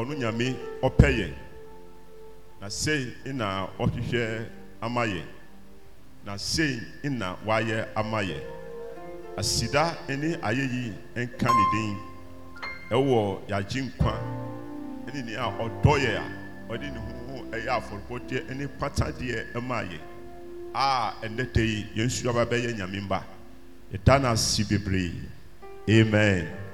ɔno nyame ɔpɛ yɛn na sei na ɔhwehwɛ ama yɛn na sei na wayɛ ama yɛn asida ne ayeyi nka ne din ɛwɔ yagye nkwa ne nea ɔdɔ yɛ a ɔde ne ho ɛyɛ afɔrebɔdeɛ ne patadeɛ ɛma yɛn a ɛnɛ da yi yɛn nsuaba bɛyɛ nyame ba yɛda no ase bebree amen.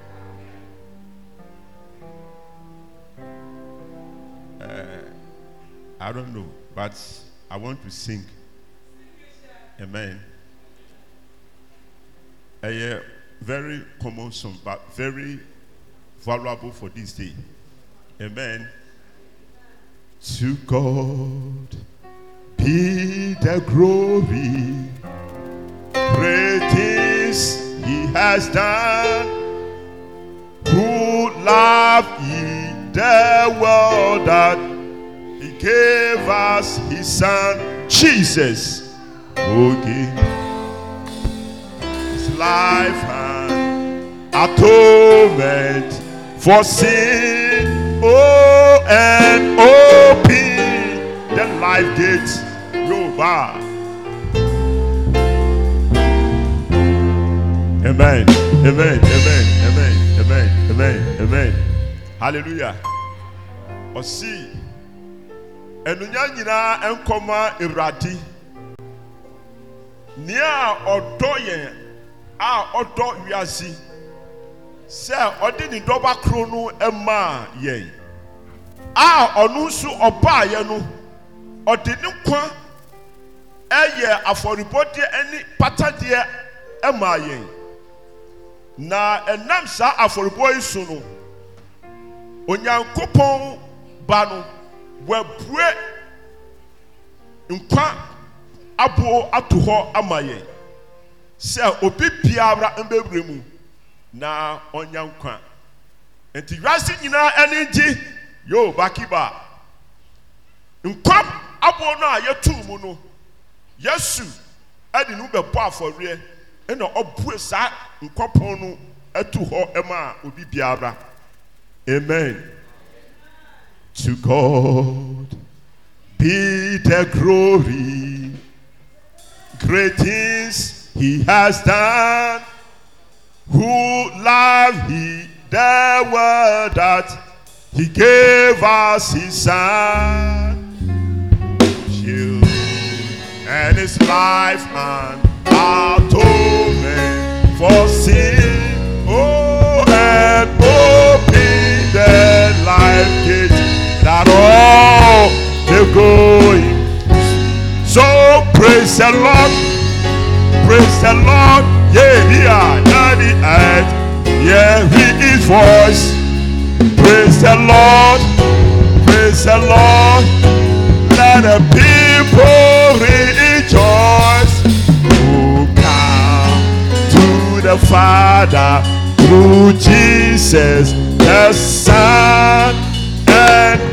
I don't know, but I want to sing. Amen. A very common song, but very valuable for this day. Amen. To God be the glory, great things He has done. Who love ye the world that gave us his son Jesus, who gave his life and atonement for sin. Oh, and open the life gates, no bar. Amen. Amen. Amen. Amen. Amen. Amen. Amen. Hallelujah. Or see. ɛnunya nyinaa nkɔma awurade nea a ɔdɔ yɛn a ɔdɔ wiase sɛ ɔde ne dɔba koro no maa yɛn a ɔno nso ɔbaayɛ no ɔde ne nkwa ɛyɛ afɔrebɔdeɛ pata patadeɛ maa yɛn na ɛnam saa afɔrebɔ yi so no onyankopɔn ba no wɔabue nkwa aboɔ ato hɔ ama yɛn sɛ obi biara mbɛwura mu na ɔnya nkwa nti wiase nyinaa ɛne gye yoo bakiba nkwa aboɔ no a mu no yesu ɛde no bɛbɔ afɔreɛ ɛna ɔbue saa nkwa pɔn no ɛto hɔ ɛma obi biara amen. To God be the glory. Great things he has done. Who loved he the world that he gave us his son. You and his life and atonement for sin. Oh, and open the life that all the going. So praise the Lord, praise the Lord, yeah, we are at the end, yeah, we his voice. Praise the Lord, praise the Lord, let the people rejoice who come to the Father through Jesus the Son and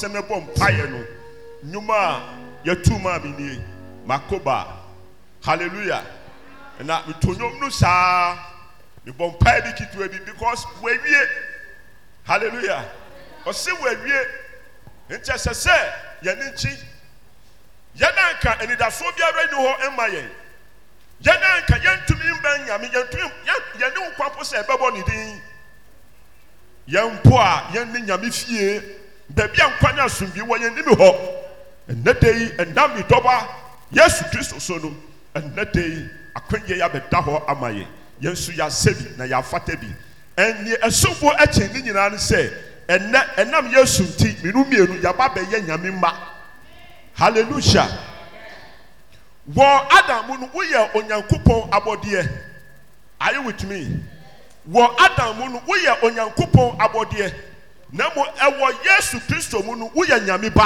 sɛ mɛbɔ mpaeɛ no nnwuma a yɛtu maa mi nie makoba hallelujah na meto nnwom no saa mebɔ mpaeɛ bi ketewa bi because wɔawie hallelujah ɔse wɔawie nkyɛ sɛ sɛ yɛne nkyi yɛn anka anidasoɔ biara ni hɔ ma yɛn yɛn anka yɛntumi mbɛn nyame yɛntumi yɛne wo kwan po sɛ ɛbɛbɔ ne din yɛn mpo a yɛn nyame fie baabi a nkwa ne asombi wɔ yɛnimi hɔ ɛnɛ de yi ɛnam medɔba yesu kristo so no ɛnnɛ de yi akwayɛi abɛda hɔ ama yɛn yɛ nso yɛasɛ bi na yɛafata bi ɛne asomfɔ akyin ne nyinaa no sɛ ɛɛnam yɛsu nti menomieno yɛba bɛyɛ nyame mma halleluia wɔ adam mu no woyɛ onyankopɔn abɔdeɛ ayɛ wɔtumi wɔ adam mu no woyɛ onyankopɔn abɔdeɛ na ɛwɔ yesu kristo mu no woyɛ nyame ba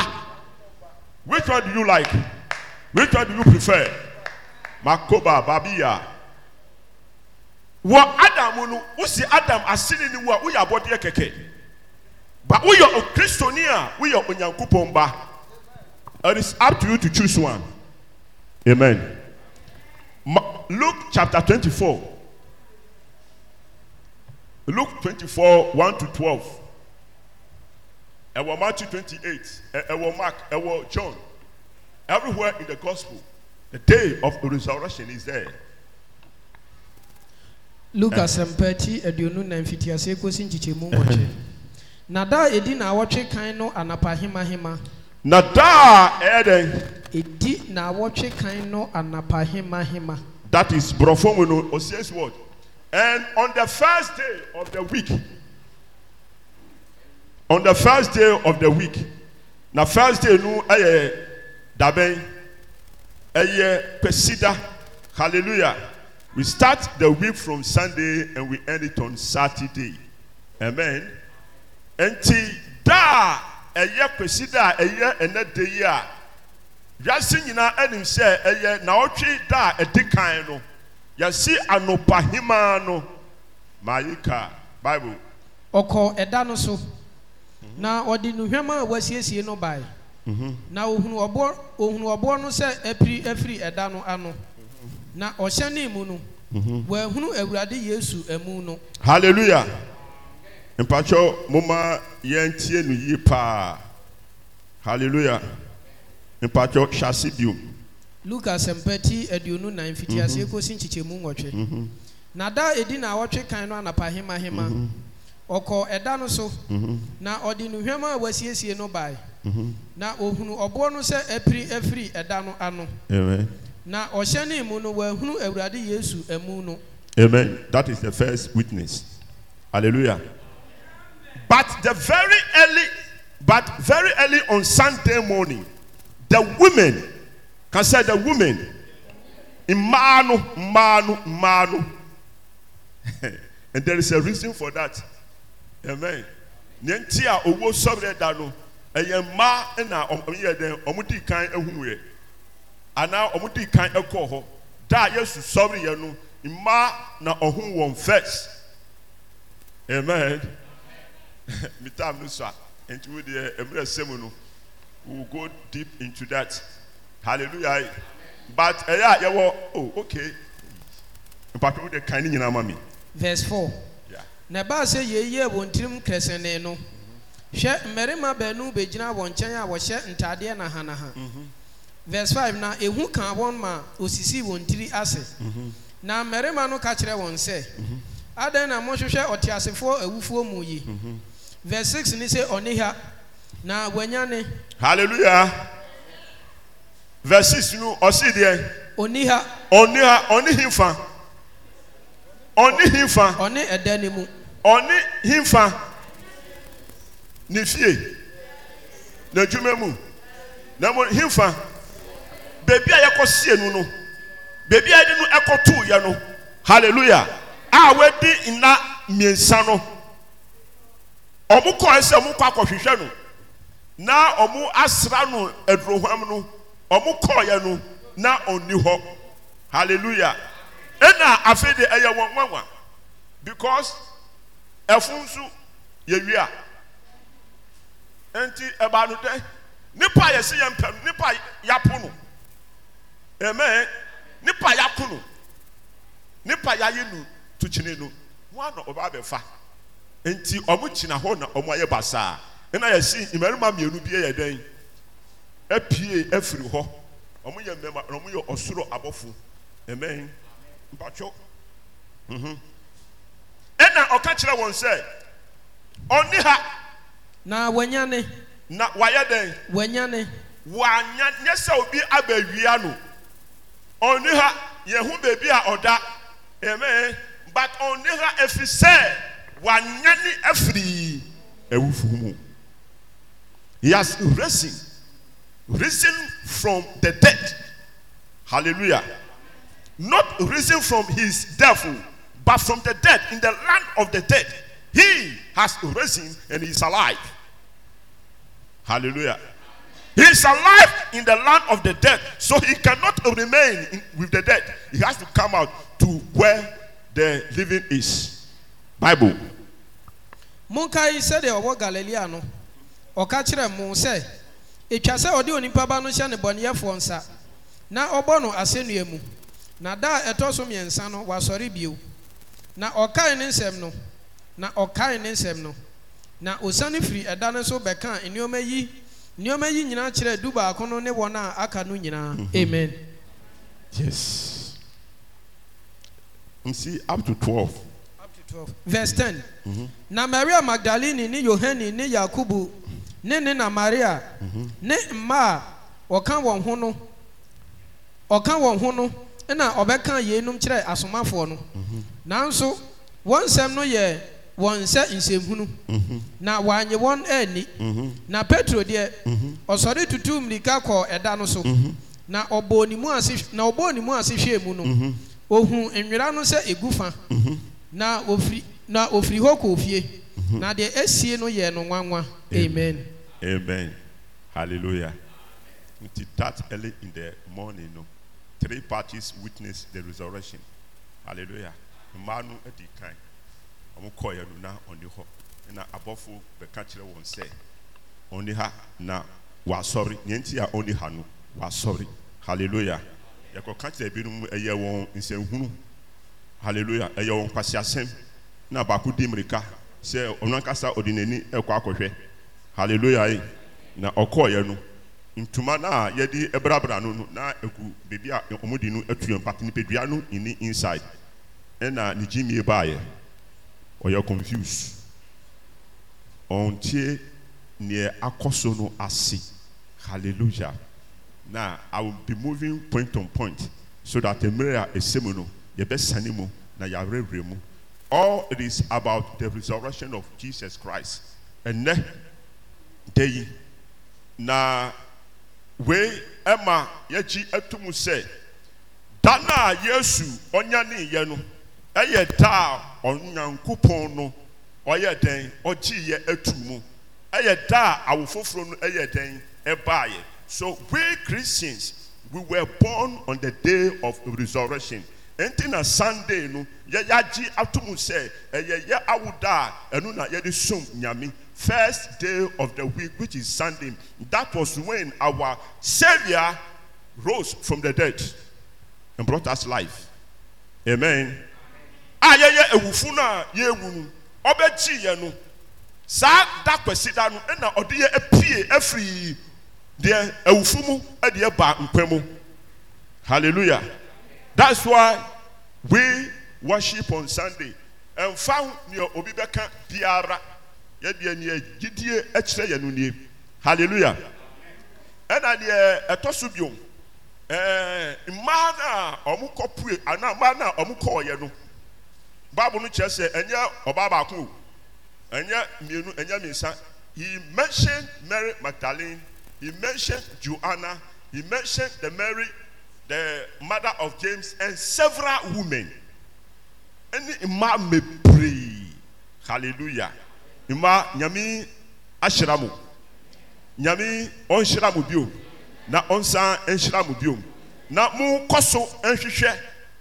which one do you like which one do you prefer makoba babiya wɔ adam no wosi adam asene ne mu a woyɛ abɔdeɛ kɛkɛ ba woyɛ okristoni a woyɛ onyankopɔn ba it is up to you to choose one amen Ma luke chapter twenty-four luke twenty-four one to twelve ɛwɔ matthew twenty-eight ewo mark ewo john everywhere in the gospel the day of the resurrection is there. lukas mpɛti aduonu na mfitiase kosi nkyekyɛmu nwɔtwe na da a ɛdi na awɔtwe kan no anapahemahema na da a ɛyɛ dɛn ɛdi na that is borɔfo mu no ɔsies word and on the first day of the week on the first day of the week na firs day no ɛyɛ dabɛn ɛyɛ kwasida halleluja we start the week from sunday and we end it on saturday amen ɛnti da a ɛyɛ kwasida a ɛyɛ ɛna de yi a diase nyinaa anim sɛ ɛyɛ naɔtwe da a ɛdi kan no yɛsi anɔpa hema no mayika bible ɔkɔ ɛda no so Mhm. na ɔde nuhwɛma a wasiesie no bae mhm. na ohunu ɔboɔ ohunu ɔboɔ no sɛ apiri afiri ɛda no ano mhm. na ɔhyɛ ne mu no wɔahunu awurade yesu emu no. hallelujah mpatsɔ moma yɛn tie no yie paa hallelujah mpatsɔ hyase bio. luka asɛmpɛti aduonu nan fitiaseɛ kosi nkyekyɛmu nwɔtwe na da edi na awɔtwe kan no anapa hemahema. Mm -hmm. ọkọ ɛda no so na ɔde nnuhwam a wasiesie no bae na ohunu ɔboɔ no sɛ apiri afiri ɛda no ano na ɔhyɛ ne mu no wahunu awurade yesu emu no. amen that is the first witness hallelujah but the very early but very early on sunday morning the women can say the women mmaa no mmaa no mmaa no and there is a reason for that. amen nye nti a owuo sɔre da no ɛyɛ mmaa na ɔyɛ dɛn ɔmo di kan ehunuɛ anaa ɔmo di kan ɛkɔ hɔ da a yesu sɔre yɛ no mmaa na ɔho wɔn first amen mi taam no a nti wo deɛ emirɛ sɛm no we will go deep into that hallelujah but oh okay wo de kan ne nyinaa ma mi. verse four. na ɛbaa sɛ yɛyɛ wɔn tirim kɛsɛnee no hwɛ mmarima baanu bɛgyina wɔn nkyɛn a wɔhyɛ ntaadeɛ nahanaha verse 5 na ɛhu kaa wɔn ma osisi wɔn tiri ase na mmarima no ka kyerɛ wɔn sɛ adɛn na mohwehwɛ ɔteasefoɔ awufoɔ mu yi verse 6 ne sɛ ɔne ha na wanya ne hallelujah verse 6 no ɔsi deɛ ɔni ha ɔni ha ɔni ɔne hinfa ɔne ɛda ne mu ɔne himfa ne fie n'adwuma mu na mo himfa beebi a yɛkɔ sie no no beebi a yɛde no yɛ no hallelujah a wɔadi nna mmiɛnsa no ɔmo kɔɔ ɔmo kɔ akɔhwehwɛ no na ɔmo asra no adurohwam no ɔmo no na hɔ hallelujah. ɛna afei de ɛyɛ wɔn nwanwa because ɛfun nso yɛ wia nti ɛbaa no dɛ nipa yɛsi yɛn pɛm nipa yapo no amen nipa yako no nipa yayi no tukyini no wɔn ano ɔbaa bɛfa nti wɔn gyina hɔ na wɔn ayɛ basaa ɛna si mmarima mmienu bi yɛ dɛn ɛpie ɛfiri hɔ wɔn yɛ mmarima wɔn yɛ ɔsoro abɔfo amen. mpatwo mhm. ɛna ɔka kyerɛ wɔn sɛ ɔne ha na wanya ne na wayɛ dɛn wanya ne wanya nyɛ sɛ obi abɛwia no ɔne ha yɛn ho beebi a ɔda amen but ɔne ha efi sɛ wanya afiri ewufu mu he has risen risen from the dead hallelujah. not risen from his devil, but from the dead, in the land of the dead. He has risen and is alive. Hallelujah. He is alive in the land of the dead, so he cannot remain in, with the dead. He has to come out to where the living is. Bible. Monka said, ɔwɔ galilea no ɔka kyerɛ mo sɛ ɛtwa odi ɔde onipa ba no hyɛ ne bɔneyɛfoɔ na Obono asenye mu na da a ɛtɔ so mmiɛnsa no wasɔre bio na ɔkae ne nsɛm no na ɔkae ne nsɛm no na ɔsane firi ɛda no so bɛkaa nneɔma yi nneɔma yi nyinaa kyerɛ du baako no ne wɔn a aka no nyinaa mhm. amen yes nsi up to 12 up to 12 verse 10 mm -hmm. na maria magdalene ne yohane ne Yakubu ne ne na maria mm -hmm. ne mma ɔka wɔn ho no ɔka wɔn ho no na ɔbɛka yeinom kyerɛ asomafoɔ no mhm. nanso wɔn nsɛm no yɛ wɔn nsɛ nsɛmhunu mhm. na wɔanye wɔn ɛni. Mhm. na petro deɛ ɔsɔre tutu mmirika kɔɔ ɛda no so na ɔbɔɔ ne mu ase na ɔbɔɔ ne mu ase hwɛɛ mu no ohun nwera no sɛ egu fa na ofiri na ofiri hɔ kɔ ofie na deɛ esie no yɛ no nwanwa amen amen hallelujah nti that early in the morning no. three parties witness the resurrection. Hallelujah. Mmanu edi kan. Wɔn kɔɔɛ no na ɔne hɔ. Na abɔfo bɛka kyerɛ wɔn sɛ ɔne ha na wasɔre. Nea nti a ɔne ha no wasɔre. Hallelujah. Yɛkɔka kyerɛ binom ɛyɛ wɔn nsɛnhunu. Hallelujah. Ɛyɛ wɔn kwasiasɛm. Na baako di mmirika sɛ ɔno ankasa ɔde n'ani ɛkɔ akɔhwɛ. Hallelujah. Na ɔkɔɔɛ no. ntoma no a yɛde brabra no no na ɛgu baabi a ɔmode no atua mpat nipadua no nni inside ɛna ne gyimie baayɛ ɔyɛ confuse ɔntie neɛ akɔ so no ase hallelujah na i will be moving point on point so that mmerɛ a ɛsɛ mu no yɛbɛsane mu na yɛawerɛwerɛ mu all it is about the resurrection of jesus christ ɛnɛ da yi na Wee, ɛma yɛgye atum sɛ da a yesu ɔnyaneyɛ no ɛyɛ da a ɔnyankopɔn no ɔyɛ dɛn etu mu ɛyɛ da a awo foforɔ no ɛyɛ dɛn ɛbaeɛ so we christians we were born on the day of resurrection nti na sunday no yɛyɛagye atom sɛ ɛyɛ yɛ enuna, a ɛno na yɛde som nyame first day of the week, which is Sunday. That was when our Savior rose from the dead and brought us life. Amen. deɛ mu ɛde ɛba nkwa mu. Hallelujah. That's why we worship on Sunday. Ɛnfa nea obi bɛka biara. yɛdeɛ neɛ gyidie kyerɛ yɛn no nie hallelujah ɛna deɛ ɛtɔ so bio ɛɛ mmaa na wɔn kɔ pue anaa mmaa na wɔn kɔɔ yɛ no baabu no kyerɛ sɛ ɛnyɛ ɔbaa baako ɛnyɛ mmienu ɛnyɛ mmiɛnsa he mentioned mary magdalene he mentioned joanna he mentioned the mary the mother of james and several women ɛne mmaa mebree hallelujah. mma nyame ahyira mo nyame ɔnhyira mo bio na ɔnsan nhyira mo bio na monkɔ so nhwehwɛ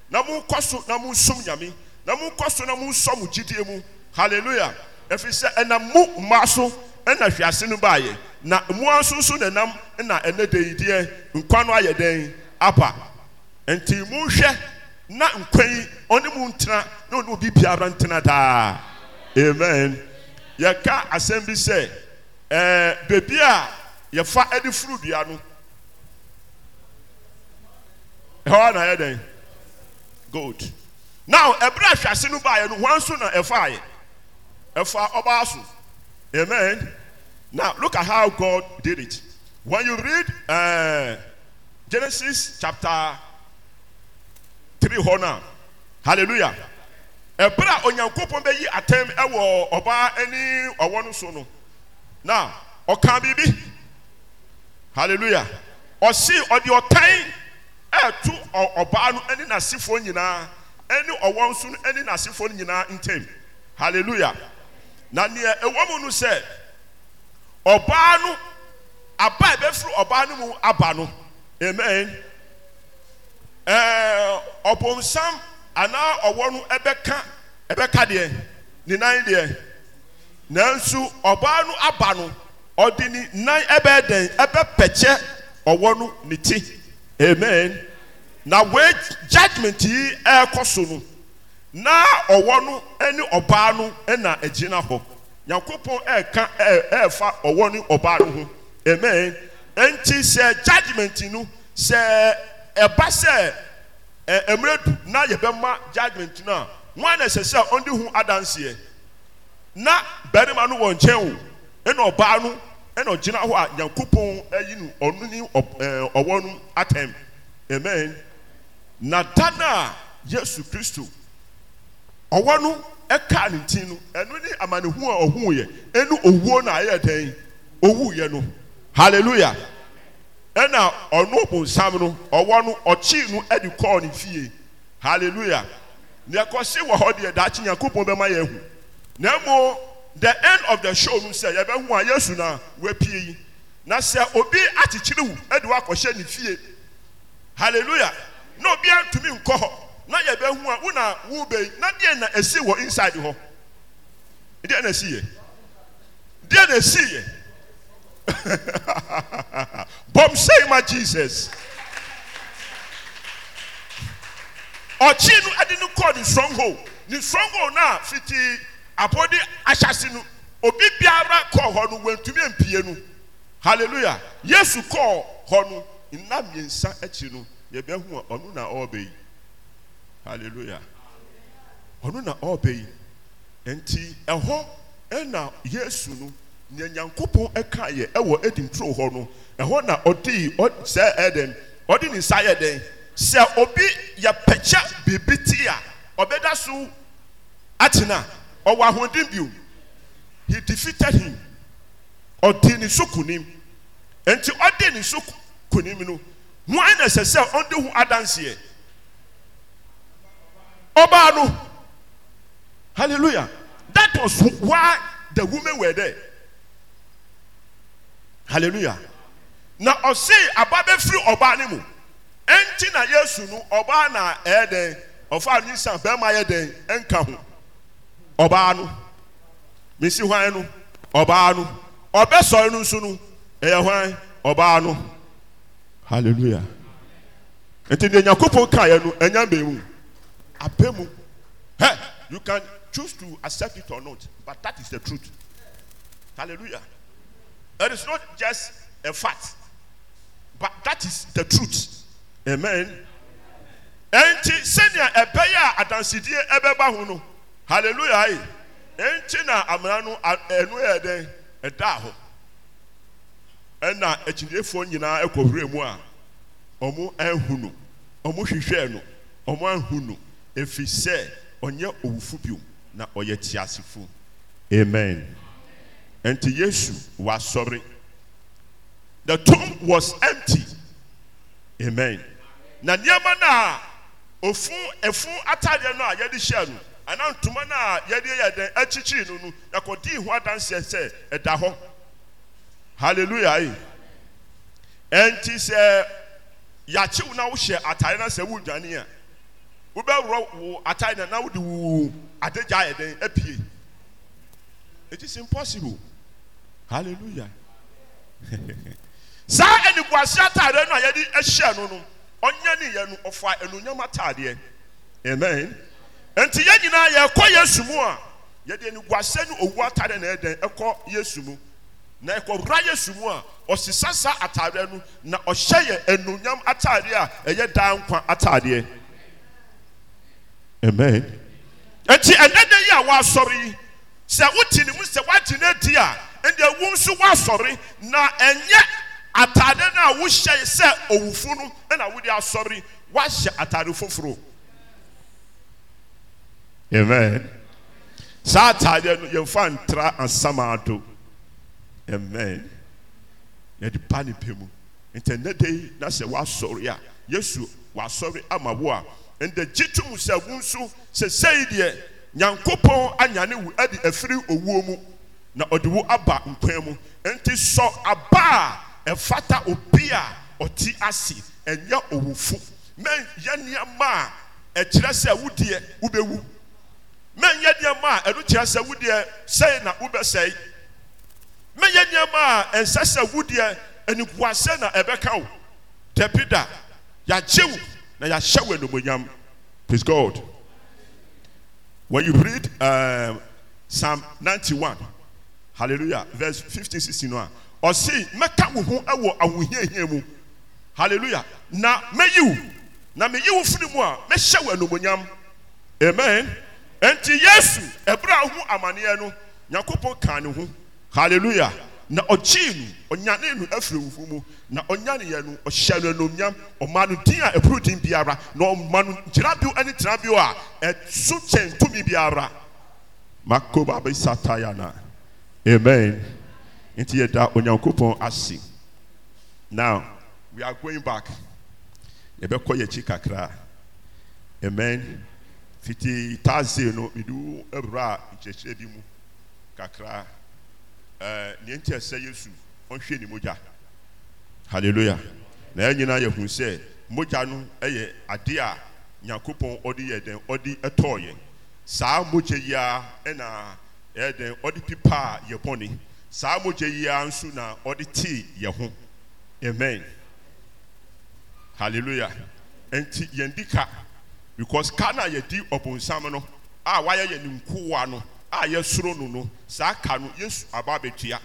na monkɔ so na sum nyami. na monkɔ so na monsɔ mo gyidie mu halleluya ɛfiri sɛ ɛnam mo mma so ɛna hwiase no baayɛ na mmoa nso nso na ɛnam na ɛnɛ da yi deɛ nkwa no ayɛ dɛn aba nti monhwɛ na nkwa yi ɔne mu ntena na ɔne obi biara ntena daa amen yɛka asɛm bi sɛ ɛɛ eh, beebi a yɛfa ɛde furu dua no ɛhɔ na yɛ dɛn gold now ɛbrɛ ahwase no baayɛ no wɔn nso na ɛfa yɛ ɛfa ɔbaa so amen now look at how God did it when you read uh, Genesis chapter three hɔ na hallelujah. ɛberɛ a onyankopɔn bɛyi atɛm ɛwɔ ɔbaa ɛne ɔwɔ no so no na ɔka biribi hallelujah ɔsi ɔde ɔtan ɛɛto ɔbaa no ɛne n'asefoɔ nyinaa ɛne ɔwɔ nso no ne n'asefoɔ no nyinaa ntam hallelujah na neɛ ɛwɔ mu no sɛ ɔbaa no aba a ɛbɛfiri ɔbaa no mu aba no amen ɛɛ ɔbɔnsam anaa ɔwɔ no ɛbɛka ɛbɛka deɛ ne nan deɛ nanso ɔbaa no aba no ɔde ne nan ɛbɛyɛ dɛn ɛbɛpɛkyɛ ɔwɔ no ne ti amen na wee judgement yi ɛrekɔ so no na ɔwɔ no ɛne ɔbaa no ɛna ɛgyina hɔ nyankopɔn ɛɛ ɛrefa ɔwɔ ne ɔbaa no ho amen nti sɛ judgement no sɛ ɛba sɛ. Eh, mmerɛ du na yɛbɛma judgment no na hu na barima no wɔ nkyɛn o ɛna ɔbaa no ɛna ɔgyina hɔ a nyankopɔn ayi eh, no ɔno eh, ne ɔwɔ no amen na da a yesu kristo ɔwɔ no ne ti no ɛno amanehu a owuo ɛna ɔno bonsam no ɔwɔ no ɔkyii no de kɔɔ ne fie halleluya nea ɛkɔse wɔ hɔ deɛ daakye nyankopɔn bɛma yɛn hu na mmo the end of the show no sɛ yɛbɛhu a yesu na wapie yi na sɛ obi akyekyere wo de wakɔhyɛ ne fie halleluya na obiara ntumi nkɔ hɔ na yɛbɛhu a wona wobɛyi na deɛ na ɛsi wɔ inside hɔ deɛ na ɛsi yɛ deɛ na ɛsi yɛ bɔmsɛima jesus ɔkyee no ɛde no kɔɔ ne stronghold ne stronghold no a fitii abɔde ahyase no obi biara kɔɔ hɔ no wantumi ampie no halleluya yesu kɔɔ hɔ no nna mmiɛnsa akyi no yɛbɛhu a ɔno na ɔrebɛ yi halleluya ɔno na ɔrebɛ yi nti ɛhɔ ɛna yesu nụ. neanyankopɔn ɛka yɛ ɛwɔ adimtro hɔ no ɛhɔ na ɔdeiɔsɛ ɛydɛn ɔde ne nsaa yɛ dɛn sɛ obi yɛpɛkyɛ biribi tii a ɔbɛda so atena ɔwɔ ahoden biom he defeated him ɔde ne nso konim ɛnti ɔde ne nso konim no ho an na sɛ sɛ ɔnde ho adamseɛ ɔbaa no halleluja that was wha the woman we dɛ halelua na ɔsei aba bɛfiri ɔbaa ne mu ɛnti na yesu no ɔbaa na ɛyɛ dɛn ɔfaa nisa bɛma yɛ den ɛnka ho ɔbaa no minsi hwann no ɔbaa no ɔbɛsɔre no nso no ɛyɛ hwan ɔbaa no halleluia nti ndeɛ nyankopɔn kayɛ no ɛnyam be mu abɛ mu you can chuse to accerp it or not but that is the truth lela It is not just a fact, but that is the truth. Amen. Enti sɛnea ɛbɛyɛ a adansidie ebeba ho no hallelujah yi enti na amena no ɛnu yɛ dɛ ɛda hɔ na akyinyefoɔ nyinaa mu a omu ɛnhu no ɔmo hwehwɛ no ɔmo ɛnhu no efi sɛ ɔnyɛ owufu bio na ɔyɛ tiasefo amen. amen. ɛnti yesu wasɔre the tom was empty amen na nnoɔma noa ɔf fu atadeɛ no a yɛde hyia no ana ntoma no a yɛdeyɛ dɛn akyikyii no no yakɔdii ho adanseɛ sɛ ɛda hɔ halleluyae eh? ɛnti sɛ yɛakye wo no wohyɛ atareɛ na sɛ wordwane a wobɛworɔ wo atareɛ no na wode wowu adegyaayɛ dɛn apue itis impossible aleluya saa aniguaseɛ ataade no a yɛde ɛhyɛ no no ɔnyɛneyɛ no ɔfa anonyam ataadeɛ amen ɛnti yɛn nyinaa yɛkɔ yesu mu a yɛde aniguaseɛ no owu atadeɛ ne ɛdɛn ɛkɔ yesu mu na ɛkɔwera yesu mu a ɔsisasaa atadɛ no na ɔhyɛ yɛ anonyam atadeɛ a ɛyɛ daa nkwa atadeɛ amen ɛnti ɛnɛda yi a wɔasɔre yi sɛ woti ne mu sɛ woagye ne adi a nde wu nso woasɔre na ɛnyɛ ataade no a wohyɛe sɛ owufo no na wode asɔre woahyɛ atade foforɔ amn saa ataade no yɛmfɔntra asamado amn yɛde ba ne pɛ mu ntɛ nna dei na sɛ woasɔre a yesu w'asɔre ama bo a ndɛ gyi tom sɛ wu nso sɛ sɛi deɛ nyankopɔn anyane wo ɛde afiri owuo mu na ɔde wo aba nkwan mu nti sɔ aba a ɛfata obi a ɔte ase ɛnyɛ owufo mɛnyɛ nneɛma a ɛkyerɛ sɛ wodeɛ wobɛwu mɛnyɛ nneɛma a ɛno kyerɛ sɛ wodeɛ sɛe na wobɛsɛe mɛnyɛ nneɛma a ɛnsɛ sɛ wodeɛ anikuasɛ na ɛbɛka wo dabi da yɛagye wo na yɛahyɛ wo animonyam praise god when you read um, psalm 91 haleluya vrs 56 no a ɔsei mɛka mo ho ɛwɔ ahohiahia mu haleluya na mɛyiwo na meyiwo fini mu a mɛhyɛ wɔ anomunyam amen enti yesu ɛbrɛa hu amaneɛ no nyankopɔn ka ne ho haleluya na ɔgyee no ɔnyane no afiriwɔhu mu na ɔnyaneɛ no ɔhyɛ no anomnyam ɔma no din a ɛborɔdin biara na ɔma no nkyinabio ne tenabio a ɛso kyɛn ntumi biara mako babɛsatayana Amen. Nti yɛda Onyankopɔn ase. Now, we are going back. Yɛbɛkɔ yɛn akyi kakra. Amen. Fiti taazee no, edu ewura nkyɛnkyɛn bi mu kakra. Ɛɛ, eh, nea nti ɛsɛ Yesu, ɔnhwɛ ne mogya. Hallelujah. Na yɛn nyinaa yɛhu sɛ, mogya no ɛyɛ ade a Nyankopɔn ɔde yɛ dɛn, ɔde tɔɔ yɛn. Saa mogya yi ara ɛdɛn ɔde pipaa yɛ bɔne saa mogya yi ara nso na ɔde tee yɛ ho amen hallelujah nti yɛn di ka because ka na yɛdi ɔbɔnsam no a wayɛ yɛ ne no a yɛsoro no no saa ka no yesu aba abɛtua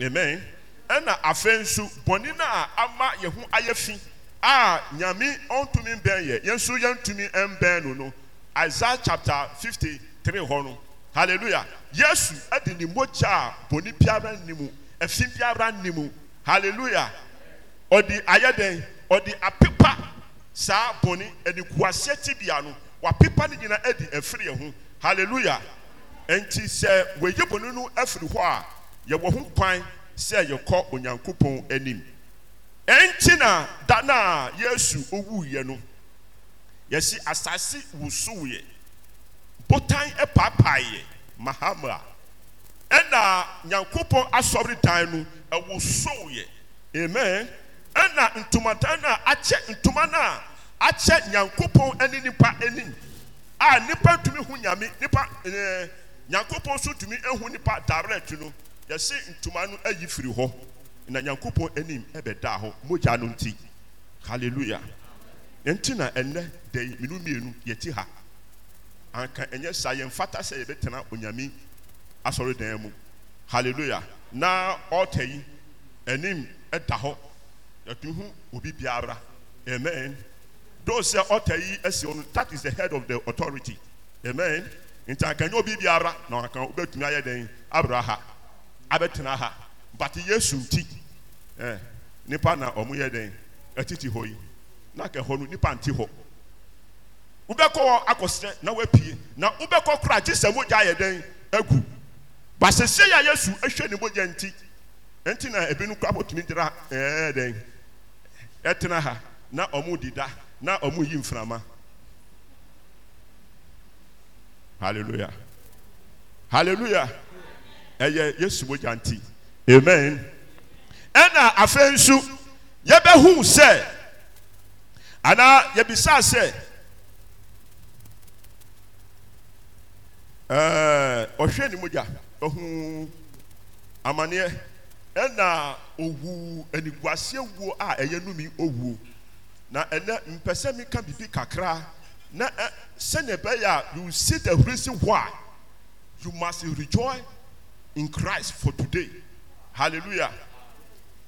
amen ɛna afei nso bɔne no a ama yɛn ho ayɛ fi a nyame ɔntumi bɛn yɛ yɛn nso yɛntumi mbɛn no no isaiah chapter fifty three hɔ no hallelujah. yesu ade ne mmogya a bone biara nni mu afi biara nni mu halleluya ɔde ayɛdɛn ɔde apepa saa bɔne ɛnikoaseɛ tibea no wɔapepa ne nyina ɛdi afiriɛ ho halleluya enti sɛ wɔyi bɔne no afiri hɔ a yɛwɔ ho kwan sɛ yɛkɔ onyankopɔn anim ɛnti na da na a yesu owuiiɛ no yɛsi asase wosoweeɛ botan paepaeɛ mahama ɛnna nyankopɔn asɔbredan no ɛwosowyɛ ame ɛnna ntomadan no a akyɛ ntoma no a akyɛ nyankopɔn ane nipa anim a nnipa ntumi ho nyame nnipa nyankopɔn nso ntumi hu nnipa dawerɛti no yɛse ntoma no ayi firi hɔ nna nyankopɔn anim ɛbɛdaa hɔ mogya no nti halleluja ɛnti na ɛnɛ dan menu mienu yɛti ha anka ɛnyɛ saa yɛn fata sɛ yɛbɛtena onyame asɔredan mu hallelujah na ɔɔta yi anim ɛda hɔ yɛtu hu obi biara amen those sɛ ɔɔta yi ɛsi hɔ no that is the head of the authority amen nti anka nyɛ obi biara na anka obɛtumi ayɛ dɛn abra ha abɛtena ha but yesu ti ɛɛ eh, nipa na ɔmo yɛ dɛn ɛtiti hɔ yi na kɛ hɔ no nipa nti hɔ. wobɛkɔ wɔ akɔsrɛ na woapie na wobɛkɔ kora gye sɛ mogya yɛ dɛn agu ba sɛsie yɛ yesu ahwɛ ne mogya nti ɛnti na ebinom kora bɔtumi dra ɛɛ dɛn ɛtena ha na ɔmo dida na ɔmo yi mframa hallelujah hallelujah ɛyɛ yesu mogya nti amen ɛna afei nso yɛbɛhu sɛ anaa yɛbisa sɛ ɔhwɛ eh, ne mogya ɔhu amaneɛ ɛna owu aniguaseɛ wuo a ɛyɛ numi owuo na ɛnɛ mpɛ sɛ meka biribi kakra na ɛ eh, sɛnea ɛbɛyɛ a you see the reason why you must rejoice in Christ for today hallelujah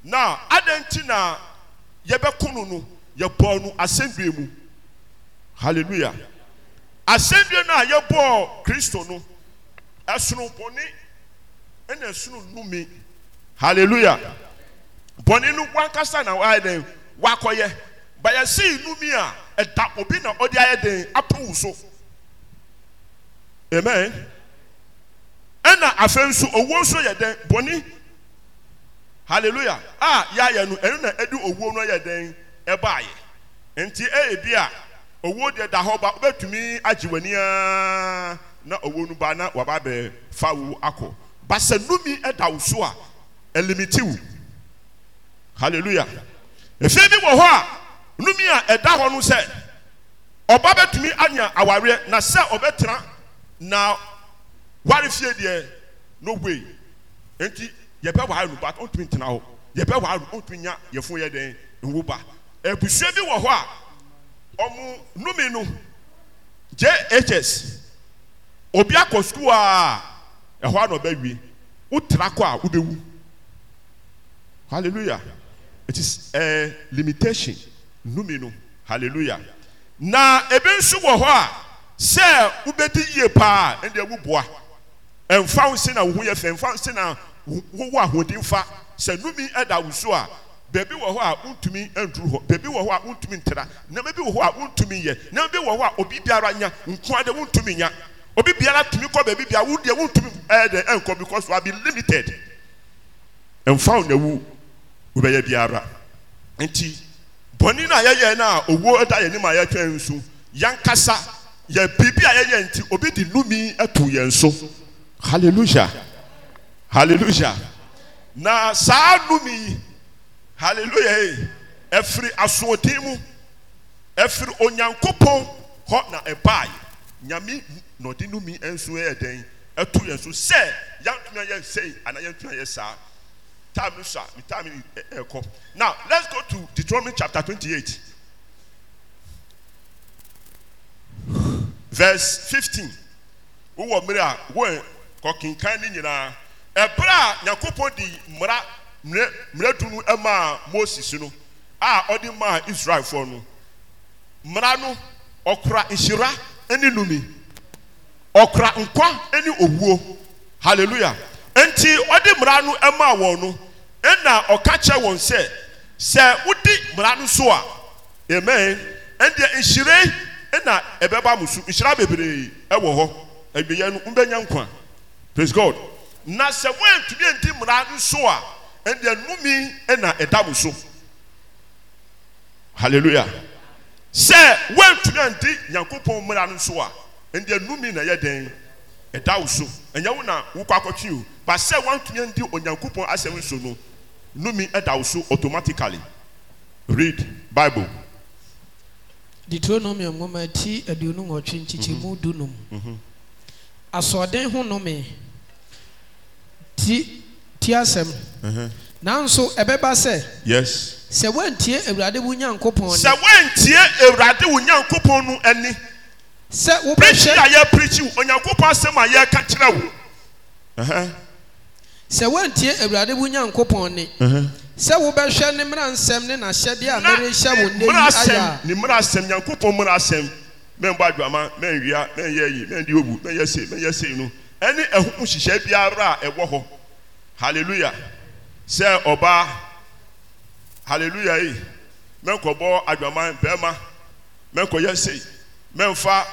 na adan ti na kunu no no yɛbɔ no asɛnnua mu hallelujah. asɛmdwe no a yɛbɔɔ kristo no ɛsono bɔne ɛna ɛsono numi halleluya bɔne no wankasa na wayɛ dɛn wakɔyɛ bayɛsii numi a ɛda obi na ɔde ayɛ dɛn apo wo so amen ɛna afei nso owuo nso yɛ dɛn bɔne halleluya a yɛayɛ no ɛno na ɛde owuo no yɛ dɛn ɛbaayɛ nti ɛyɛ bi a ɔw deɛ dahɔ ba wɔbɛtumi agyiw'ani ara na ɔwɔ n ba na wababɛ fa wo akɔ ba sɛ nomi ɛda wo so a ɛlimiti wo aleluya afie bi wɔ hɔ a nomi a ɛda hɔ no sɛ ɔba bɛtumi anya awareɛ na sɛ ɔbɛtena na ware fie deɛ nobei nti yɛbɛwar nuba ɔtumitenahɔ yɛbɛa n tminya yɛfyɛ dn wba abusuɛ bi wɔ hɔ a ɔmo nomi no jhs ɔbia kɔ suku aa ɛhɔ a na ɔbawie wo tra kɔ a wobɛwu halleluja itis limitation nomi no halleluja na ebi nso wɔ hɔ a sɛ wobɛdi yie paa ɛndeɛ wu boa mfawsi na wohu yɛ fɛ mfawsi na wowɔ ahodimfa sɛ nomi ɛda woso a baabi wɔ hɔ a ntumi nduru hɔ baabi wɔ hɔ a ntumi ntera nneɛma bi wɔ hɔ a ntumi yɛ nneɛma bi wɔ hɔ a obi biara nya nkoa de ntumi nya obi biara tumi kɔ baabi biara wo deɛ wontumi ɛyɛ eh, dɛ ɛnkɔ because wa be limited mfa wo na wu wobɛyɛ biara nti bɔnni na yɛyɛ na owu owuo da yɛn anim a yɛtwɛn nso yankasa yɛ biribi a yɛyɛ nti obi de numi ato yɛn so hallelujah hallelujah na saa numi yi. aleluya ɛfiri asoɔdin mu ɛfiri onyankopɔn hɔ na ɛbay nyame nɔden nomi ɛnsu ɛyɛ dɛn ɛtu yɛ so sɛ yɛntumi ayɛ sɛi ana yɛntumi ayɛ saa tamisa mitamiɛɛkɔ no let's go to thetromin chapter 28 vrs 15 wowɔ mmire a wo kɔkenkan ne nyinaa ɛberɛ a nyankopɔn di mmara mmerɛdu maa moses no a ɔde maa israelfoɔ no mmara no ɔkora nhyira ne numi ɔkora nkwa ne owuo hallelujah! enti ɔde mmara no maa wɔn no ɛnna ɔka kyerɛ wɔn sɛ sɛ mmara no so a amen ɛndeɛ nhyire na ɛbɛba mo so nhyira bebree wɔ hɔ no mbɛnya nkwa praise na sɛ mmara no so a ɛdeɛ numi ɛna ɛda mo so hallelujah sɛ wɔntumi andi nyankopɔn mmara no so a ɛdeɛ numi na ɛyɛ den ɛda wo so ɛnyɛ wo na wokɔ akɔtwe o ba sɛ wɔntumi andi onyankopɔn asɛm so no numi ɛda wo so automatically read bible. deuteronomy nwoma ti aduonu nwɔtwe nkyekyimu dunum mhm. mhm. asoɔden ho nome ti. tie asɛm mm-hmm. nanso ɛbɛba sɛ yes sɛ wɔantie awurade wo nyankopɔn sɛ wɔantie awurade wo nyankopɔn no ani sɛ wobɛhwɛ pirikyi a yɛpirikyi onyankopɔn asɛm a yɛreka kyerɛ wo uh-huh. sɛ wɔantie awurade wo nyankopɔn ni uh-huh. sɛ wobɛhwɛ ne mmara nsɛm ne n'ahyɛdeɛ a merehyɛ wo nnɛ yi ayɛ a ne mmara asɛm nyankopɔn mmara asɛm mɛnbɔ adwama mɛnwia mɛnyɛ yi mɛndi obu mɛnyɛ sei mɛnyɛ sei no ɛne ɛho hyehyɛ biara a ɛwɔ hɔ hallelujah sɛ ɔbaa hallelujah yi mɛnkɔbɔ adwaman bɛrima mɛnkɔyɛ sei mɛnfa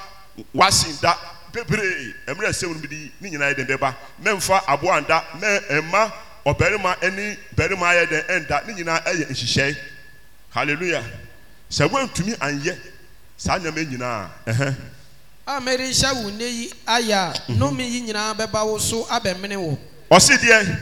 wasin da bebree mmerɛ sɛ wɔn bi di ne nyinaa yɛ den bɛba mɛnfa aboa nda mɛ ɛma ɔbɛrima ɛni bɛrima ayɛ den ɛnda ne nyinaa ɛyɛ nhyehyɛe halleluya sɛ wɔntumi anyɛ saa nneɛma nyinaa ɛhɛn. a mɛrehyɛ yi ayɛ a nnome yi nyinaa bɛba wo so abɛmene wo. ɔsi deɛ.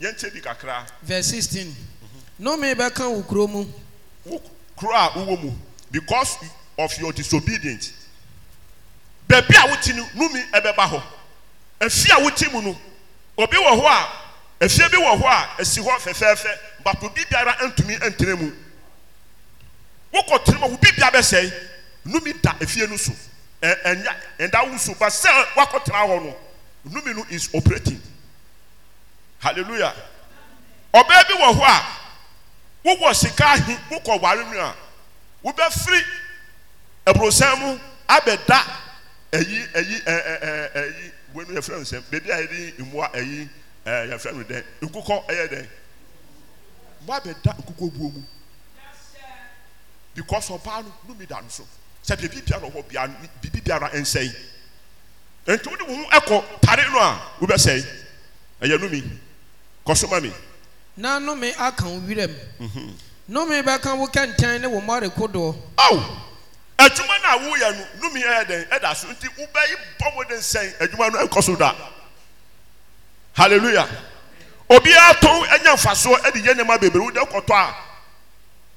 yɛn kyɛ bi kakra. verse sixteen nnome bɛka wo kuro mu. wo kuro a wowɔ mu because of your disobedient baabi a wote no nnome ɛbɛba hɔ efi a wote mu no obi wɔ hɔ a efie bi wɔ hɔ a esi hɔ fɛfɛɛfɛ but obi biara ntumi ntena mu wokɔ tena mu obi biara bɛsɛe nnome da efie no so ɛ ɛnya ɛnda wusu ba sɛ wakɔ tena hɔ no nnome no is operating hallelujah ɔbaa bi wɔ hɔ a wowɔ sika ahi wokɔ ware mu a wobɛfiri aburosan mu abɛda ɛyi ɛyi ɛɛ ɛɛ ɛyi wenu yɛfrɛ no sɛm beebi a yɛde mmoa ɛyi ɛɛ yɛfrɛ no dɛn nkokɔ ɛyɛ dɛn mmoa bɛda nkokɔ buo mu because ɔbaa no numi da no so sɛ beebi biara ɔwɔ biara bibi biara nsɛn nti wode wo ho ɛkɔ pare no a wobɛsɛn ɛyɛ numi. na nnome aka wo werɛm mhm. nnome bɛka wo kɛntɛn ne wo mmɔre kodoɔ a woyɛ no nnome ɛyɛ dɛn ɛda so nti wobɛyi bɔ mo de da halleluya Obi tɔn anya mfasoɔ ɛde yɛ nneɛma bebree wode kɔtɔ a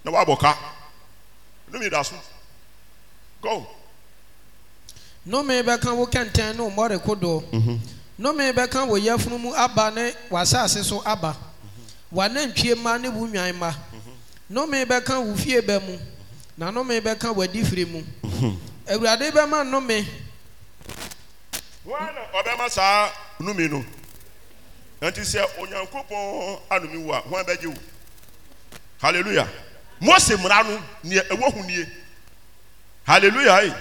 na ka da so go kɛntɛn ne wo nnome bɛka wɔ yɛfunu mu aba ne w'asase so aba w'anantwie ma ne wo nwan ma nnome bɛka wo fie bɛ mu na nnome bɛka w'adifiri mu awurade bɛma nnome. wọn ọbẹ̀ma saa nnumi no nti sɛ onyankopɔn anomi wo a wọn bɛgye wo hallelujah mose mmara no nea ewo hu nie hallelujah.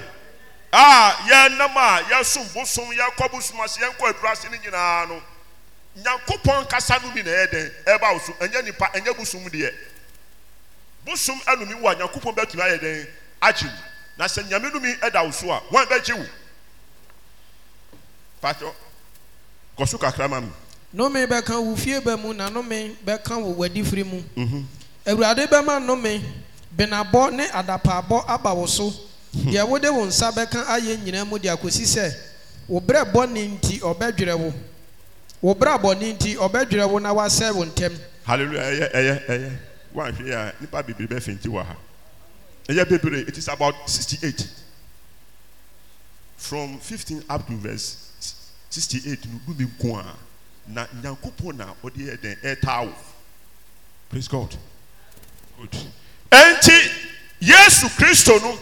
a yɛnam a yɛsom bosom yɛkɔ bosom ase yɛnkɔ adurase no nyinaa no nyankopɔn kasa no bi na ɛyɛ den ɛba wo so ɛnyɛ nipa ɛnyɛ bosom deɛ bosom anomi wo a nyankopɔn bɛtumi ayɛ den agye wo na sɛ nyame nomi ɛda wo so a wɔn bɛgye wo patɔ kɔ so kakra ma mi. nnome bɛka wo fie bɛ mu na nnome bɛka wo w'adifiri mu mhm. awurade bɛma nnome benabɔ ne adapaabɔ aba wo so. deɛ wode wo nsa bɛka ayɛ nyinaa mu de akɔsi sɛ wo berɛ bɔne nti ɔbɛdwerɛ wo wo berɛ bɔne nti ɔbɛdwerɛ wo na wasɛe wo ntɛm hallelujah ɛyɛ ɛyɛ ɛyɛ woanhwɛ yi a nnipa bebree bɛfenti wɔ ha ɛyɛ bebree it is about 68 from 15 up to verse 68 no dume nko a na nyankopɔn na ɔde yɛ dɛn ɛtaa wo praise god good ɛnti yesu kristo no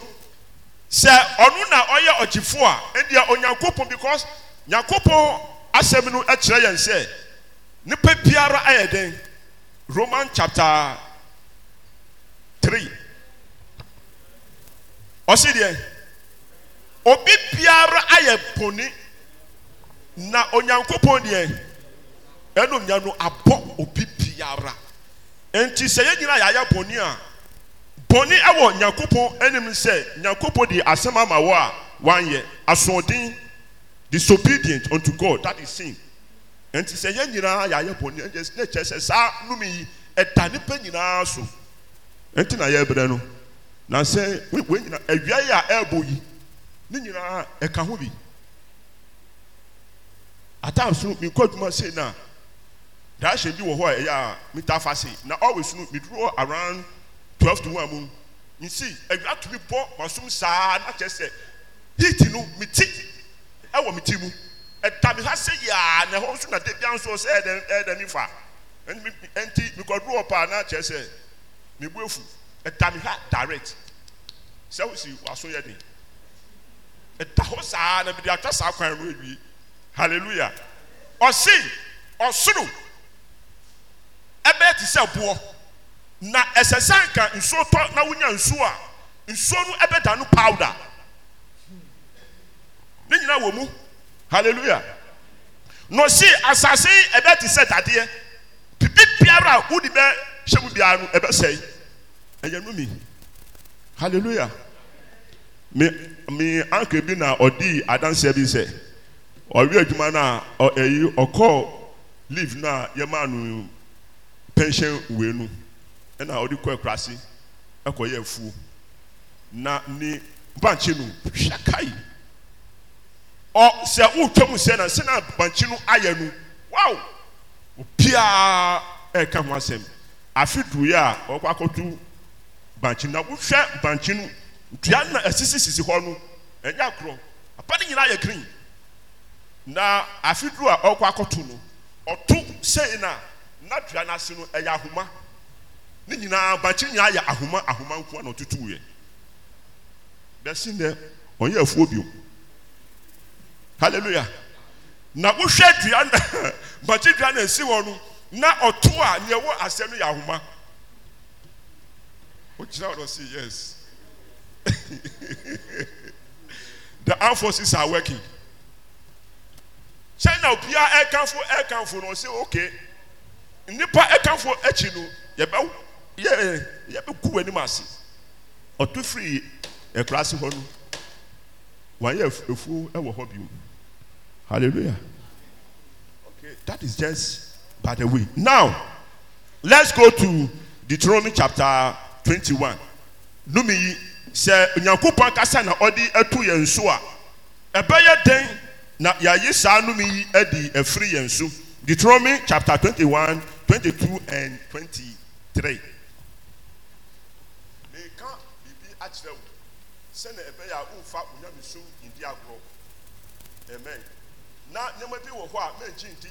sɛ ɔno na ɔyɛ ɔgyefo a ɛnea onyankopɔn because nyankopɔn asɛm no kyerɛ yɛn sɛ nipa biara ayɛ den roman chapter three ɔsi deɛ obi biara ayɛ bɔnni na onyankopɔn deɛ ɛnum nya no abɔ obi biara nti sɛ yɛn nyinaa yɛayɛ bɔnni a. pɔni ɛwɔ nyakopɔn anim sɛ nyakopɔn di asɛm ama wɔ a wanyɛ asoɔden disobedient unto god that is sin nti sɛ yɛn nyinaa yɛayɛ bɔni ɛnjɛ ne kyɛ sɛ saa num yi ɛda nipa nyinaa so nti na yɛ brɛ no na sɛ wɔn nyinaa ɛwia yi a ɛɛbɔ yi ne nyinaa ɛka ho bi ataa so mi kɔ adwuma sei na daa bi wɔ hɔ a ɛyɛ a mi ta afa sei na always no mi duro around. twelve to one mu nsi awia tumi bɔ wasom saa na kyerɛ sɛ heat no mi ti ɛwɔ mi ti mu ɛda mi ha se yaa na ɛhɔ nso na de bia nso sɛ ɛdɛ ɛdɛ mi fa ɛnti mi kɔ duro paa na kyerɛ sɛ mi bu efu ɛda mi ha direct sɛ o si waso yɛ de ɛda hɔ saa na mi de atwa saa kwan no ewie hallelujah ɔsi ɔsoro ɛbɛyɛ ti sɛ boɔ. na ɛsɛ sɛ nka nsuo tɔ na wonya nsuo a nsuo no ɛbɛda no powder ne nyinaa wɔ mu hallelujah na ɔsi asase ɛbɛ ti sɛ dadeɛ bibi biara a wodi bɛ hyɛ mu biara no ɛbɛ sɛe ɛyɛ numi hallelujah mi me anka bi na ɔdi adanseɛ bi sɛ ɔwi adwuma na a ɔ ɛyi ɔkɔɔ leave no a yɛmaa no pension wei no. ɛna ɔde kɔ akurase ɛkɔyɛ afuo na ne bankye no hwɛ kae ɔ sɛ wotwa mu sɛ na sɛ na bankye no ayɛ no wow obiara ɛka ho asɛm afe duoyɛ a ɔkɔ akɔto bankye no na wohwɛ bankye no dua na ɛsisisisi hɔ no ɛnyɛ akorɔ apa ne nyinaa yɛ green na afe duo a ɔkɔ akɔto no ɔto sɛn na na dua no ase no ɛyɛ ahoma. ne nyinaa bankyere nyinaa yɛ ahoma ahoma nko na ɔtutu yɛ bɛsi nɛ ɔnyɛ afuo bio hallelujah na wohwɛ dua na bankyere dua na esi hɔ no na ɔto a nea ɛwɔ asɛm no yɛ ahoma ogyina ɔno si yes the armed forces are working kyɛn na obiara ɛkanfo ɛkanfo na ɔsi okay nnipa ɛkanfo akyi no yɛbɛwo. yɛ yɛbɛku w'anim ase ɔto firi ɛkuraase hɔ no wayɛ efuo ɛwɔ hɔ bio hallelujah okay that is just by the way now let's go to deuteronomy chapter twenty-one numi yi sɛ nyankopɔn kasa na ɔde atu yɛn so a ɛbɛyɛ den na yɛayi saa numi yi adi ɛfiri yɛn so deuteronomy chapter twenty-one twenty-two and twenty-three. akyerɛ wo sɛnea ɛbɛyɛ a ndi agorɔ amen na nneɛma bi wɔ hɔ a mɛnkyi ndi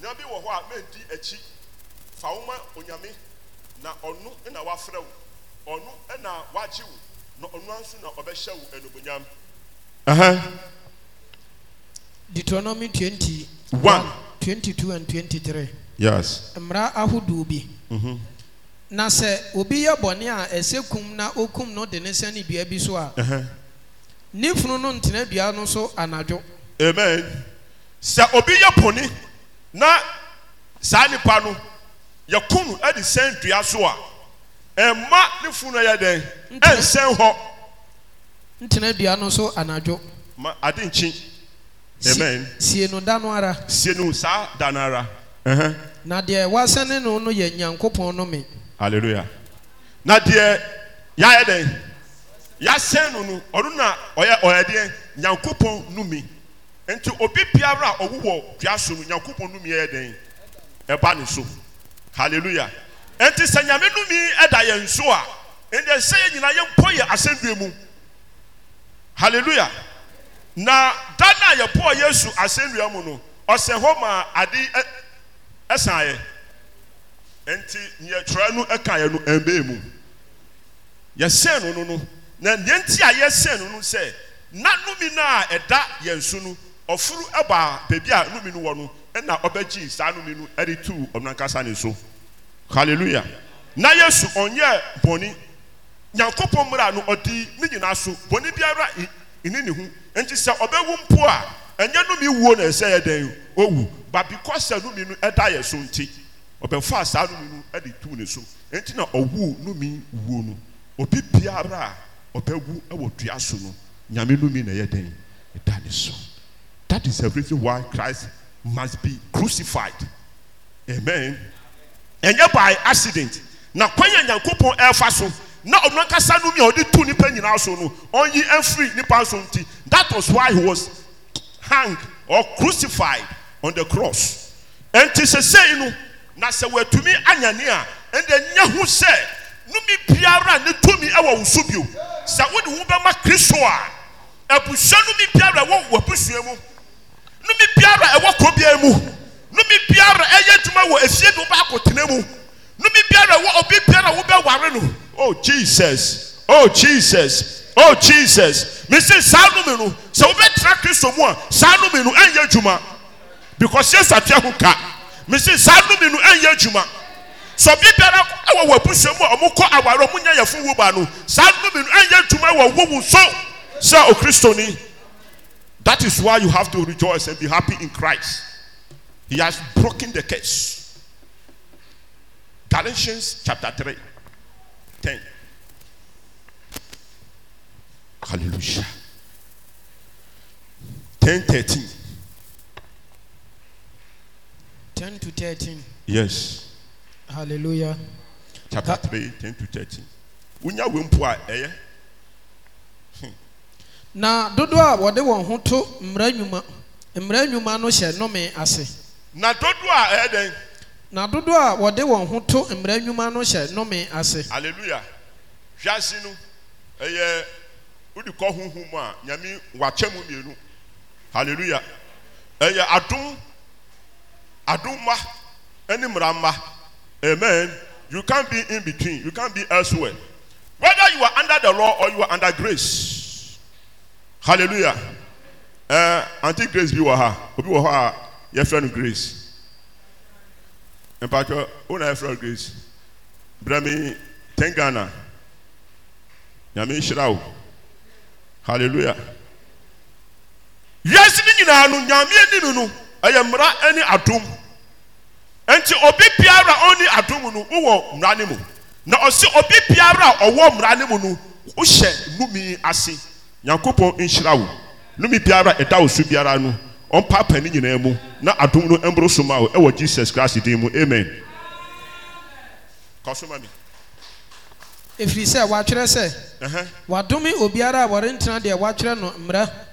nneɛma bi wɔ hɔ a mɛndi akyi fa wo ma onyame na ɔno na wafrɛ wo ɔno na wagye wo na ɔno nso na ɔbɛhyɛ wo anubonyam Deuteronomy 20, 1, 22 and 23. Yes. bi. Mm na sɛ obi yɛ bɔne a ɛsɛ kum na okum no de ne nsa ne dua bi so a ne funu no ntena dua no so anadwo amen sɛ na saa nipa no yɛkum no de sɛn dua so a ɛma ne funu no yɛ dɛn ɛnsɛn hɔ ntena dua no ma ade nchi. amen sie no da no ara sie no saa ara na deɛ wasɛne no no yɛ nyankopɔn hallelujah na deɛ yɛayɛ dɛn yɛasɛn no no ɔno na ɔyɛ ɔyɛ deɛ nyankopɔn numi nti obi biara a ɔwu wɔ dua so no nyankopɔn numi yɛ dɛn ɛba ne so hallelujah nti sɛ nyame numi ɛda yɛn so a ɛnna ɛsɛ yɛ nyinaa yɛmpɔ yɛ asɛnnua mu hallelujah na da na yɛpɔ yesu asɛnnua mu no ɔsɛ hɔ ma ade ɛsan yɛ. nti nyɛtwerɛ no yɛn no mbɛn mu yɛsɛn no no na deɛ nti a yɛsɛn no no sɛ na nomi no a ɛda yɛn so no ɔforo baa baabi a nomi no wɔ no ɛna ɔbɛgye saa nomi no de tu ɔnankasa ne so hallelujah na yesu ɔnyɛ bɔne nyankopɔn mmara no ɔdi ne nyinaa so bɔne biara ne ne ho nti sɛ ɔbɛwu mpo a ɛnyɛ nomi wuo na ɛsɛ yɛ dɛn owu but because sɛ nomi no ɛda yɛ so nti ɔbɛmfaa saa nomi no de tu ne so nti na ɔwu nomi wuo no ɔbi biara a ɔbɛgu wɔ dua so no nyame nomi nayɛ den dane so that is avritin why christ must be crucified amen ɛnyɛ by accident na kwaya nyankopɔn ɛfa so na ɔnoankasa nomu a ɔde tu nnipa nyinaa so no ɔnyi mfri nnipa nso nti that was why he was hung ɔ crucified ɔn de cross ɛnti sɛ sei no na sɛ wɔatumi anyane a ɛndɛ nyɛ ho sɛ nome biara ne tomi wɔ woso bio sɛ wode wobɛma kristo a apusua nome biara ɛwɔw'apuseɛ mu nome biara a ɛwɔ kurɔbia mu nome biara a ɛyɛ adwuma wɔ afie bi wobɛakotenɛ mu nome biara ɛwɔ ɔbebiara a wobɛware no oh, jesus oh, jesus o oh, jesus mensi saa nome no sɛ wobɛtena kristo mu a saa nome no ɛnyɛ adwuma because yɛsatua ho ka mesi saa nnumi no ɛnyɛ Sovi sọ biara ɛwɔ wɔn abusua mu a wɔn kɔ awaare wɔn nyɛ yɛfun wuba no saa nnumi no ɛnyɛ adwuma wɔ wowu so sɛ okristoni that is why you have to rejoice and be happy in Christ he has broken the curse Galatians chapter three ten hallelujah ten thirteen. to 13. Yes. Hallelujah. Chapter Ka- 3, 10 to 13. Unya wimpo a ɛyɛ. Eh, hmm. Na dodo a wɔde wɔn ho to mmara nnwuma mmara nnwuma no hyɛ nnome ase. Na dodo a ɛyɛ eh, dɛn. Na dodo a wɔde wɔn ho to mmara nnwuma no hyɛ nnome ase. Hallelujah. Hwiase no ɛyɛ eh, wodi kɔ huhum a nyame wakyɛ mu mmienu. Hallelujah. Ɛyɛ adum. adoma animara mma amen you can be in between you can be elsewere wether you are under the law or you ware under grace halleluja anti grece bi wɔ ha obi wɔhɔa yɛsrɛ no grece mpatɛ owna yɛsfrɛ no grace brɛ me tɛngana nyamenherao halleluja yesine nyinaa no nyame ni nu nu ɛyɛ mmara ne adum nti obi biara a ɔnni adom no wowɔ mmara no mu na ɔsi obi biara a ɔwɔ mmara no mu no wohyɛ numi ase nyankopɔn nhyira wo numi biara ɛda wo so biara no ɔmpaapa ne nyinaa mu na adom no mboro so ma wo ɛwɔ jesus christ din mu amen kɔsoma mi. ɛfiri sɛ wɔatwerɛ sɛ wɔadome obiara a wɔrentena deɛ wɔatwerɛ no mmara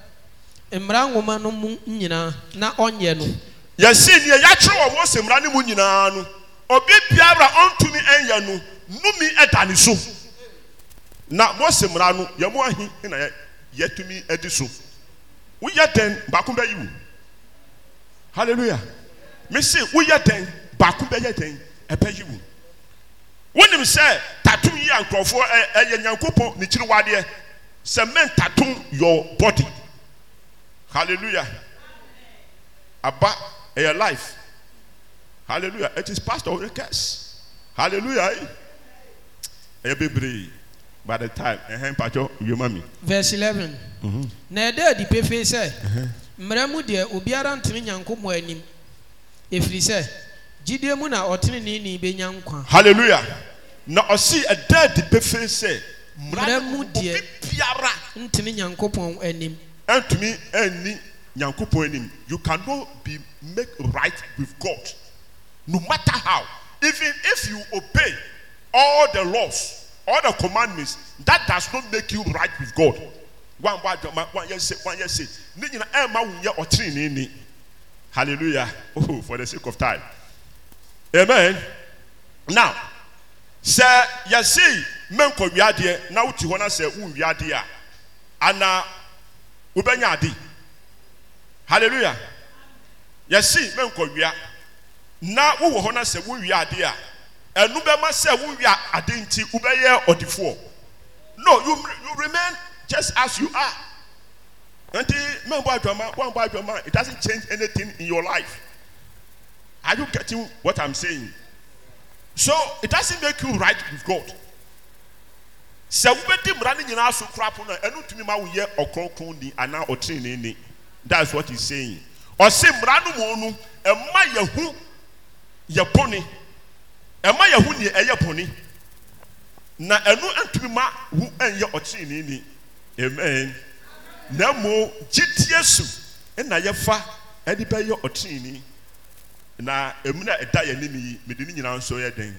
mmara nwoma no mu nyinaa na ɔnyɛ no yɛsi nea yɛakyerɛ wɔ mose mmara no mu nyinaa no obi biara ɔntumi ɛnyɛ no numi ɛda ne so na mose mmara no yɛn ahi na yɛtumi ɛdi so woyɛ dɛn baako bɛyi wo hallelujah mesi woyɛ dɛn baako bɛyɛ dɛn ɛbɛyi wo wonim sɛ tatum yi a nkurɔfoɔ ɛyɛ nyankopɔn ne kyiri sɛ men tatum your body. Hallelujah. Aba your life. Hallelujah. It is pastor who cares. Hallelujah. Ebibiri eh, eh, by the time ẹhẹn mpatsọ yóò mọ verse eleven. Mm-hmm. na ẹdẹ adi pefe sẹ eh, mmerẹ mu deɛ obiara ntene nyanko mọ anim efiri sɛ gyidie mu na ɔtene ne ne bɛ nya nkwa. hallelujah na ɔsi ɛdɛ adi pefe sɛ mmerɛ mu deɛ obi biara ntene nyanko pɔn anim. ɛntumi ɛnni nyankopɔn anim you cannot be make right with God no matter how even if you obey all the laws all the commandments that does not make you right with God One bọ one yes, one yes. wọn yẹ se ne nyina ẹ eh, ma wun yẹ ọtí ni hallelujah oh for the sake of time amen now sɛ yɛsei mɛnkɔ wiadeɛ na wote hɔ na sɛ wonwiadeɛ a Ana wobɛnya ade halleluya yɛsi menkɔwia na wowɔ hɔ no sɛ wowia ade a ɛno bɛma sɛ wowia ade nti wobɛyɛ ɔdefoɔ no you, you remain just as you are nti membɔ adwama woambɔ adwama it doesn't change anything in your life are you getting what i'm saying so it doesn't make you right with god sɛ wobɛdi mmara no nyinaa so korapo no ɛno ntumi ma woyɛ ɔkronkronni anaa ɔteneneeni that's what he's saying ɔse mmara no mu no ɛma yɛ bɔne ɛma yɛhu neɛ ɛyɛ bɔne na ɛno ntumi ma wo ɛnyɛ ɔteneneeni amen na mmo gyidie so na yɛfa ɛde bɛyɛ ɔtenenee na ɛmu no a ɛda yɛnim yi mede ne nyinaa nso yɛ den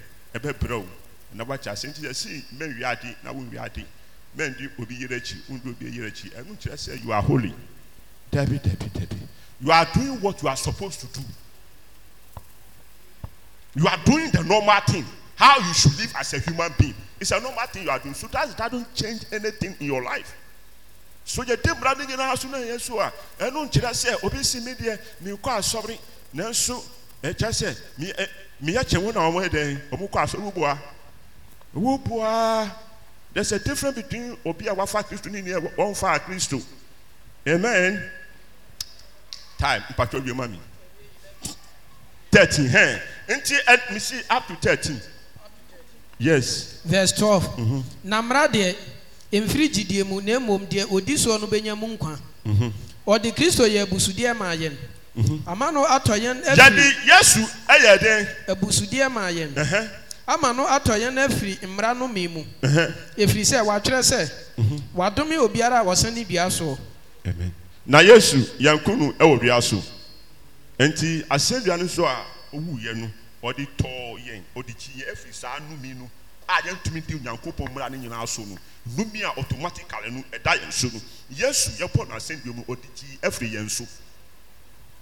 na wakyɛ ase nti sɛ sii hmm, mɛnwi ade na wonwi ade mɛndi obi yere akyi wondi obi yere akyi ɛnu kyerɛ sɛ you are holy dabi dabi dabi you are doing what you are supposed to do you are doing the normal thing how you should live as a human being it's a normal thing you are doing so that that don't change anything in your life so yɛ de mbura ne nyinaa so na yɛ so a ɛnu nkyerɛ sɛ eh, obi si mi deɛ mi eh, eh, kɔ asɔre nanso ɛkyɛ sɛ mi ɛ mi yɛ kyɛn wɔn na wɔn yɛ dɛn wɔn kɔ asɔre wɔ a. wo bua there's a difference between obi a wafa kristo ni nea wɔnfa kristo amen time mpatwa wie ma mi thirteen hɛn nti ɛ mi si up to thirteen yes. verse twelve mm -hmm. na mmara deɛ mfiri gyidie mu na mmom deɛ odi soɔ no bɛnya mu nkwa mm-hmm. ɔde kristo yɛ abusudeɛ maa yɛn mm-hmm. ama no atɔ yɛn yɛde yesu ɛyɛ den abusudeɛ maa yɛn. ama no atɔ yɛn no afiri mmara no mee mu ɛfiri sɛ wɔatwerɛ sɛ mhm. wɔadome obiara a wɔsane dua soɔ na yesu yɛnko no wɔ dua so nti asɛnnua no nso a owu ɔwuiɛ no ɔde tɔɔ yɛn ɔde kyi yɛn efiri saa nomi no a yɛntumi di onyankopɔn mmara no nyinaa so no nomi a automatically no ɛda yɛn so no yesu yɛbɔ no asɛnnua mu ɔde kyi afiri yɛn so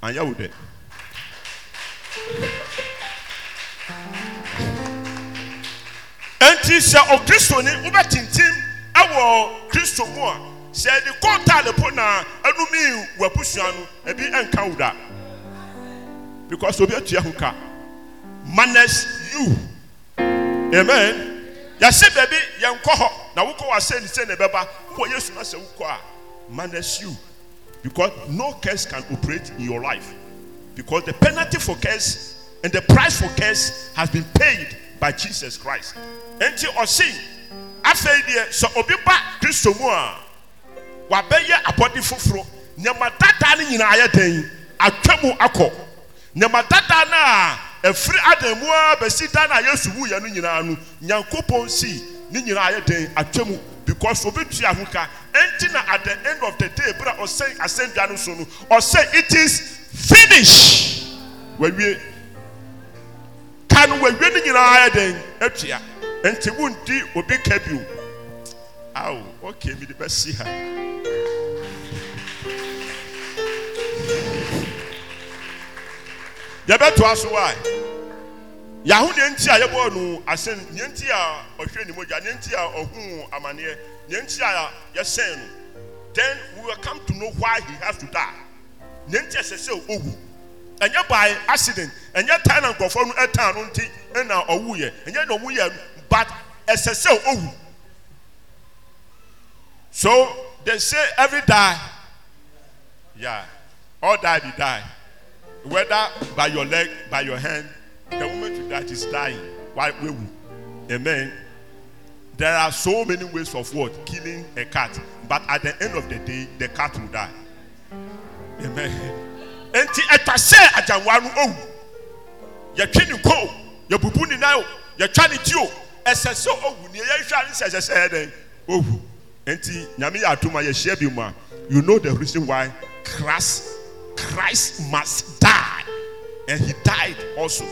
anyɛ wo dɛ nti sɛ ɔkristoni wobɛtintim ɛwɔ kristo mu a sɛ de kɔntaale po na ɛnumi w'abusua no ebi ɛnka wo da because obi atua ho ka manners you amen yɛse baabi yɛnkɔ hɔ na wokɔ wɔ asɛ ne sɛ ne bɛba wowɔ yesu no sɛ wokɔ a manners you because no curse can operate in your life because the penalty for curse and the price for curse has been paid jenti ɔsei afei biɛ sɛ obi ba kristo mu a wɔabɛyɛ abɔde foforɔ neama dadaa ne nyinaa yɛ den atwɛ mu akɔ nneamadadaa na a afiri adan mu ar bɛsi da na a yɛsu wuiɛ no nyinaa no nyankopɔn sii ne nyinaa yɛ den atwɛ mu because obɛtua hoka ɛnti na adɛn ndɔmpɛtee bire a ɔsɛn asɛm bia no so no ɔsɛn it is finish wawie kaa no wɔawie no nyinaa yɛ den atua nti wondi obi ka bio awo okay mede bɛsi ha yɛbɛtoa so wa yàhó ní ẹntì a yẹbọ ọnu asẹn ní ẹntì a ọhwẹ ní mọjà ní ẹntì a ọhún amaneɛ ní ẹntì a yẹsẹn no then we will come to know why he has to die ní ẹntì ẹsẹ sẹ ọwọ. ɛnyɛ by accident ɛnyɛ tan na nkurɔfoɔ no ɛtan no nti ɛna ɔwu yɛ ɛnyɛ na ɔmu yɛ no but ɛsɛ sɛ ɔwu so they say every die yeah all die be die whether by your leg by your hand the woman you die is dying why wewu amen there are so many ways of what killing a cat but at the end of the day the cat will die amen. nti ɛtwa sɛ agyanoa no owu yɛtwe ne nkɔo yɛbubu ninae wɔ yɛtwa ne gi o ɛsɛ sɛ owu ne ɛyɛhwa ne sɛsɛ sɛɛ dɛn owu ɛnti nyame yɛ atoma yɛhyia bi mu a you kno the reason why christ mast die and he died also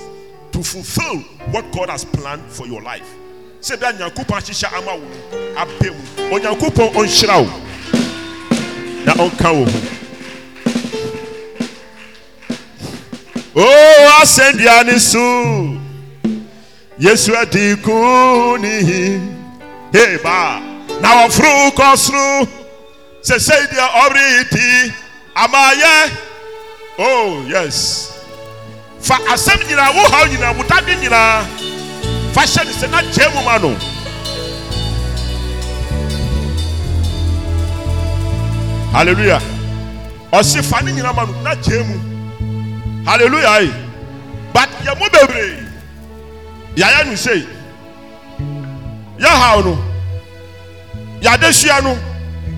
to fulfil what god has planned for your life sɛ bia nyankopɔn ahyehyɛ ama wo mu abɛ mu onyankopɔn ɔnhyera wo na ɔnka wɔ ho o asɛndia ne so yesu adi ku nihi hey ba na wɔforo kɔ soro sɛsɛi deɛ ɔbere ti ama yɛ oh yes fa asɛm nyinaa wo haw nyinaa wo dadwe nyinaa fa hyɛ ne sɛ na kyɛɛ mu ma no hallelujah ɔse fa ne nyinaa ma no na kyɛɛ mu hallelujah but yɛ mu bebree yɛayɛ no sei yɛhaw no yɛade hyia no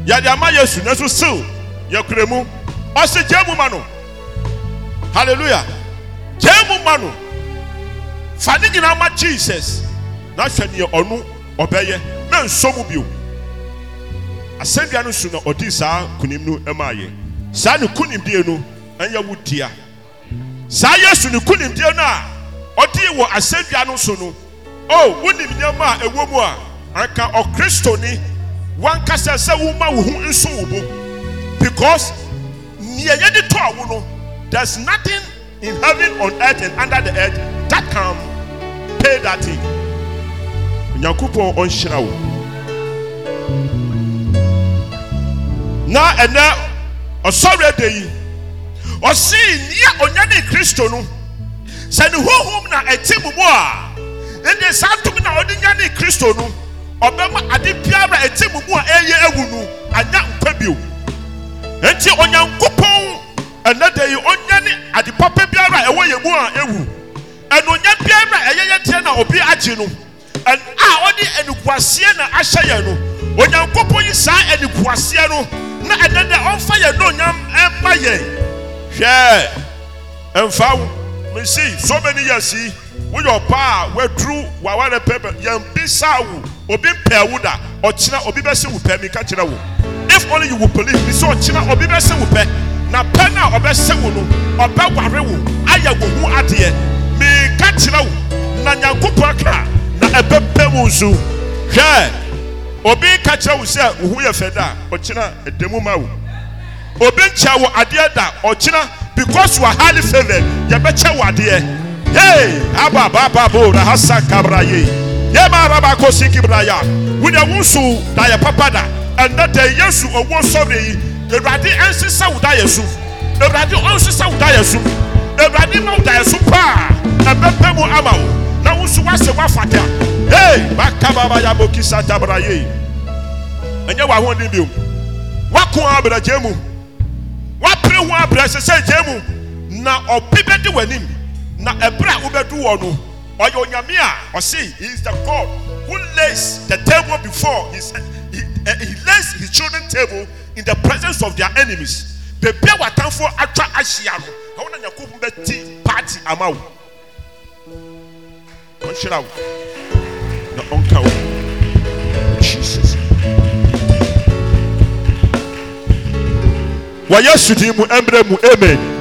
yɛde ama yesu nanso sew yɛkura mu ɔsɛ gyae mu ma no hallelujah gyae mu ma no fa ne nyinaa ma jesus na hwɛ neɛ ɔno ɔbɛyɛ na nsɔ mu bio asɛnnua no so na ɔdii saa kunim no maa yɛ saa ne kunimdie no ɛnyɛ wo dia saa yesu ne kunimdie no a ɔde wɔ asɛnnua no so no o wonim nneɛma a ɛwɔ mu a anka ɔkristoni wankasa sɛ woma wo ho nso wo mu because nea yɛde tɔɔ wo no there's nothing in heaven on earth and under the earth that can pay that thing nyankopɔn ɔnhyira wo na ɛnɛ ɔsɔre de yi ɔsi nea ɔnya ne kristo no sɛ ne honhom na ɛte mu mu a ɛnna saa tum na ɔde nya ne kristo no ɔbɛma ade biara ɛte mu a ɛyɛ ewu no anya nkwa bio eti onyankopɔn ɛnna de yi ɔnya ne ade papa biara ɛwɔ yɛ mu a ewu ɛnunya biara ɛyɛ yɛ teɛ na obi agye no ɛn a ɔde ɛnukuaseɛ na ahyɛ yɛ no onyankopɔn yi saa ɛnukuaseɛ no na ɛnna de ɔnfa yɛ no onyam ɛmma yɛ. hwɛ mfa wo mesi so many years yi woyɛ ɔpa a waduru waware pɛ yɛn bisa wo obi mpɛ wo da ɔkyena obi bɛsi wo pɛ mika kyerɛ wo if only you will believe me so ɔkyena obi bɛsi wo pɛ na pɛ na a ɔbɛsɛ wo no ɔbɛware wo ayɛ wo ho adeɛ mika kyerɛ wo na nyankopɔn ka na ɛbɛpɛ mu nso hwɛ obi ka kyerɛ wo sɛ wo ho yɛ fɛ da ɛdɛmu ma wo obi nkyɛ wɔ adeɛ da ɔkyena because you are highly favoured yɛbɛkyɛ wɔ adeɛ hey aba aba aba abo na hasa kabra ye yɛ maa raba ko si kibra ya wunyɛ wusu da yɛ papa da ɛnɛ dɛ yesu owó sɔre yi ewurade ɛnsesa wo da yɛ so ewurade ɔnsesa wo da yɛ so ewurade ma wo da yɛ so paa ɛbɛpɛ mu ama wa na wusu wase wafata hey bakababa yabo kisa tabra ye ɛnyɛ wɔ ahoɔden bi o wakun abirajɛ mu wapere ho abrɛ sɛsɛ gya mu na ɔpe bɛdi w'anim na ɛbrɛ a wobɛdu wɔ no ɔyɛ onyame a ɔse he is the god who lays the table before his he, uh, he lays his children table in the presence of their enemies beebi a watamfoɔ atwa ahyia no ɛwɔ na nyakobom bɛti party ama wo ɔnhyira wo na ɔnka wo wɔyɛ sodimu mmerɛ mu amen